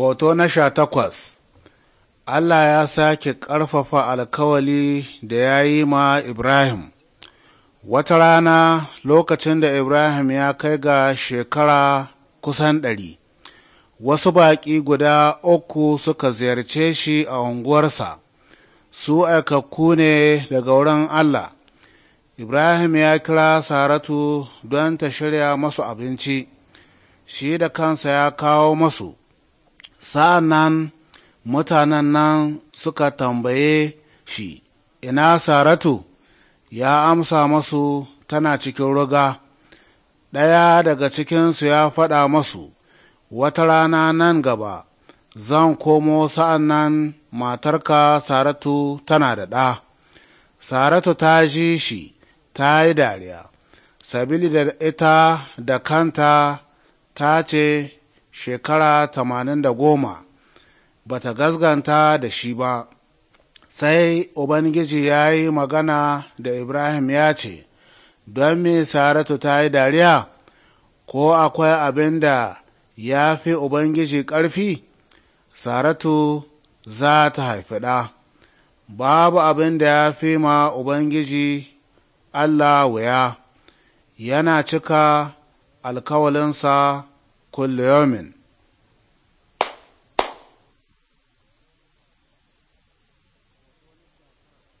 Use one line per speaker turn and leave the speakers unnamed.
Hoto na sha takwas Allah ya sake ƙarfafa alkawali da ya yi ma Ibrahim. Wata rana lokacin da Ibrahim ya kai ga shekara kusan ɗari, wasu baƙi guda uku suka ziyarce shi a unguwarsa, su aikakku ne daga wurin Allah. Ibrahim ya kira Saratu don ta shirya masu abinci, shi da kansa ya kawo masu. sa'an mutanen nan suka tambaye shi, Ina Saratu, ya amsa masu tana cikin ruga, ɗaya daga cikinsu ya faɗa masu, Wata rana nan gaba, zan komo sa'an nan matarka Saratu tana da ɗa. Saratu ta ji shi, ta yi dariya, sabili da ita da kanta ta ce, shekara tamanin da goma ba ta gazganta da shi ba sai ubangiji ya yi magana da ibrahim ya ce don me saratu ta yi dariya ko akwai abin da ya fi ubangiji ƙarfi saratu za ta haifi ɗa babu abin da ya fi ma ubangiji allah wuya yana cika alkawalinsa كل يوم